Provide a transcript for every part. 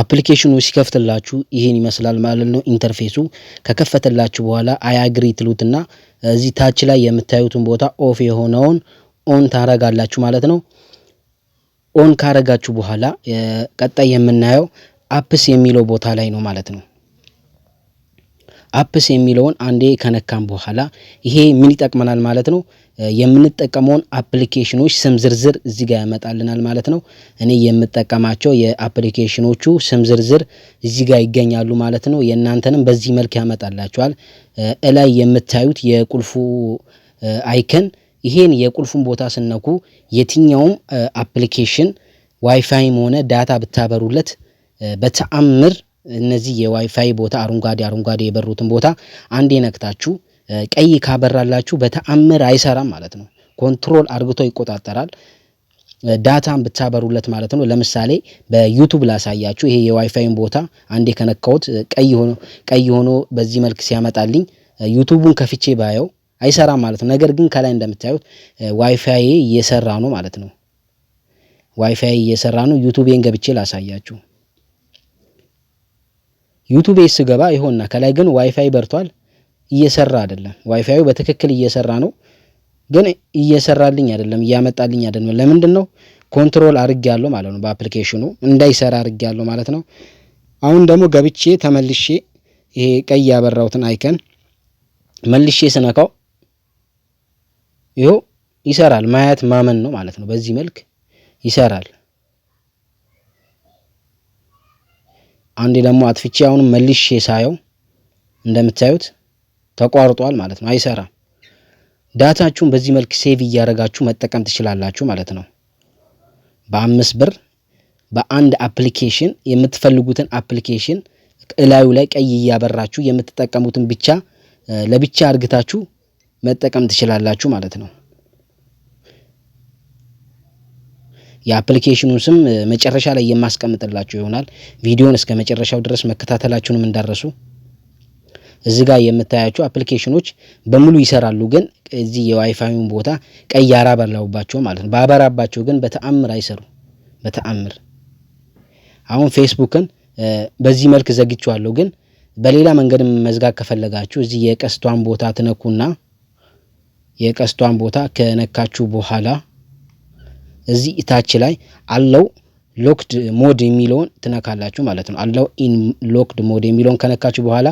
አፕሊኬሽኑ ሲከፍትላችሁ ይህን ይመስላል ማለት ነው። ኢንተርፌሱ ከከፈተላችሁ በኋላ አያግሪ ትሉትና እዚህ ታች ላይ የምታዩትን ቦታ ኦፍ የሆነውን ኦን ታረጋላችሁ ማለት ነው። ኦን ካረጋችሁ በኋላ ቀጣይ የምናየው አፕስ የሚለው ቦታ ላይ ነው ማለት ነው። አፕስ የሚለውን አንዴ ከነካም በኋላ ይሄ ምን ይጠቅመናል ማለት ነው የምንጠቀመውን አፕሊኬሽኖች ስም ዝርዝር እዚህ ጋር ያመጣልናል ማለት ነው። እኔ የምጠቀማቸው የአፕሊኬሽኖቹ ስም ዝርዝር እዚህ ጋር ይገኛሉ ማለት ነው። የእናንተንም በዚህ መልክ ያመጣላቸዋል። እላይ የምታዩት የቁልፉ አይከን ይሄን የቁልፉን ቦታ ስነኩ የትኛውም አፕሊኬሽን ዋይፋይም ሆነ ዳታ ብታበሩለት በተአምር እነዚህ የዋይፋይ ቦታ አረንጓዴ አረንጓዴ የበሩትን ቦታ አንዴ ነክታችሁ ቀይ ካበራላችሁ በተአምር አይሰራም ማለት ነው። ኮንትሮል አርግቶ ይቆጣጠራል። ዳታን ብታበሩለት ማለት ነው። ለምሳሌ በዩቱብ ላሳያችሁ። ይሄ የዋይፋይን ቦታ አንዴ ከነካሁት ቀይ ሆኖ ቀይ ሆኖ በዚህ መልክ ሲያመጣልኝ ዩቱቡን ከፍቼ ባየው አይሰራም ማለት ነው። ነገር ግን ከላይ እንደምታዩት ዋይፋይ እየሰራ ነው ማለት ነው። ዋይፋይ እየሰራ ነው። ዩቱቤን ገብቼ ላሳያችሁ። ዩቱቤ ስገባ ይሆንና ከላይ ግን ዋይፋይ በርቷል። እየሰራ አይደለም። ዋይፋዩ በትክክል እየሰራ ነው፣ ግን እየሰራልኝ አይደለም፣ እያመጣልኝ አይደለም። ለምንድን ነው? ኮንትሮል አርግ ያለው ማለት ነው። በአፕሊኬሽኑ እንዳይሰራ አርግ ያለው ማለት ነው። አሁን ደግሞ ገብቼ ተመልሼ ይሄ ቀይ ያበራሁትን አይከን መልሼ ስነካው ይኸው ይሰራል። ማየት ማመን ነው ማለት ነው። በዚህ መልክ ይሰራል። አንዴ ደግሞ አጥፍቼ አሁንም መልሼ ሳየው እንደምታዩት ተቋርጧል ማለት ነው፣ አይሰራም። ዳታችሁን በዚህ መልክ ሴቭ እያደረጋችሁ መጠቀም ትችላላችሁ ማለት ነው። በአምስት ብር በአንድ አፕሊኬሽን የምትፈልጉትን አፕሊኬሽን እላዩ ላይ ቀይ እያበራችሁ የምትጠቀሙትን ብቻ ለብቻ እርግታችሁ መጠቀም ትችላላችሁ ማለት ነው። የአፕሊኬሽኑ ስም መጨረሻ ላይ የማስቀምጥላችሁ ይሆናል። ቪዲዮን እስከ መጨረሻው ድረስ መከታተላችሁንም እንዳረሱ እዚህ ጋር የምታያቸው አፕሊኬሽኖች በሙሉ ይሰራሉ፣ ግን እዚህ የዋይፋዩን ቦታ ቀይ ያራበላውባቸው ማለት ነው። ባበራባቸው ግን በተአምር አይሰሩ በተአምር አሁን ፌስቡክን በዚህ መልክ ዘግቼዋለሁ፣ ግን በሌላ መንገድ መዝጋት ከፈለጋችሁ እዚህ የቀስቷን ቦታ ትነኩና የቀስቷን ቦታ ከነካችሁ በኋላ እዚህ ታች ላይ አለው ሎክድ ሞድ የሚለውን ትነካላችሁ ማለት ነው። አለው ኢን ሎክድ ሞድ የሚለውን ከነካችሁ በኋላ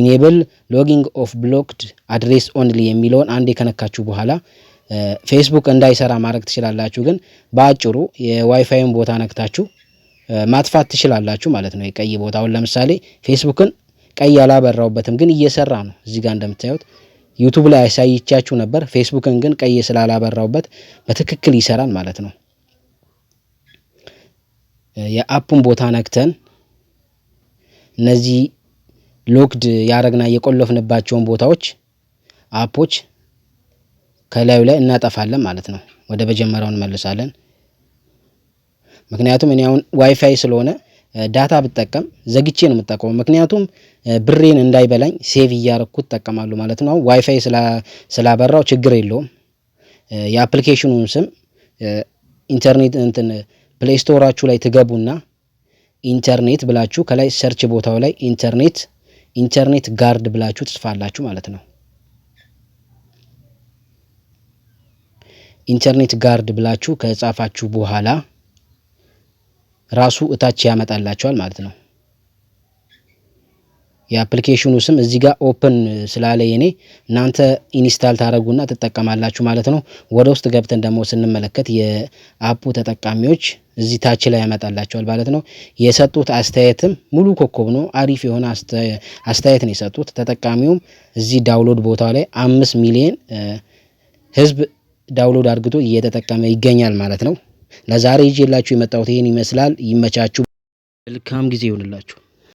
ኢኔብል ሎጊንግ ኦፍ ብሎክድ አድሬስ ኦንሊ የሚለውን አንዴ ከነካችሁ በኋላ ፌስቡክ እንዳይሰራ ማድረግ ትችላላችሁ። ግን በአጭሩ የዋይፋይን ቦታ ነክታችሁ ማጥፋት ትችላላችሁ ማለት ነው። የቀይ ቦታውን ለምሳሌ ፌስቡክን ቀይ አላበራውበትም፣ ግን እየሰራ ነው። እዚህ ጋር እንደምታዩት ዩቱብ ላይ አሳይቻችሁ ነበር። ፌስቡክን ግን ቀይ ስላላበራውበት በትክክል ይሰራል ማለት ነው። የአፑን ቦታ ነክተን እነዚህ ሎክድ ያረግና የቆለፍንባቸውን ቦታዎች አፖች ከላዩ ላይ እናጠፋለን ማለት ነው። ወደ መጀመሪያው እንመልሳለን። ምክንያቱም እኔ አሁን ዋይፋይ ስለሆነ ዳታ ብጠቀም ዘግቼ ነው የምጠቀመው። ምክንያቱም ብሬን እንዳይበላኝ ሴቭ እያረግኩ እጠቀማለሁ ማለት ነው። ዋይፋይ ስላበራው ችግር የለውም። የአፕሊኬሽኑን ስም ኢንተርኔት እንትን ፕሌይ ስቶራችሁ ላይ ትገቡና ኢንተርኔት ብላችሁ ከላይ ሰርች ቦታው ላይ ኢንተርኔት ኢንተርኔት ጋርድ ብላችሁ ትጽፋላችሁ ማለት ነው። ኢንተርኔት ጋርድ ብላችሁ ከጻፋችሁ በኋላ ራሱ እታች ያመጣላችኋል ማለት ነው። የአፕሊኬሽኑ ስም እዚህ ጋር ኦፕን ስላለ የኔ እናንተ ኢንስታል ታደረጉና ትጠቀማላችሁ ማለት ነው። ወደ ውስጥ ገብተን ደግሞ ስንመለከት የአፑ ተጠቃሚዎች እዚህ ታች ላይ ያመጣላቸዋል ማለት ነው። የሰጡት አስተያየትም ሙሉ ኮከብ ነው። አሪፍ የሆነ አስተያየት ነው የሰጡት። ተጠቃሚውም እዚህ ዳውንሎድ ቦታ ላይ አምስት ሚሊዮን ህዝብ ዳውንሎድ አድርግቶ እየተጠቀመ ይገኛል ማለት ነው። ለዛሬ ይዤላችሁ የመጣሁት ይህን ይመስላል። ይመቻችሁ። መልካም ጊዜ ይሆንላችሁ።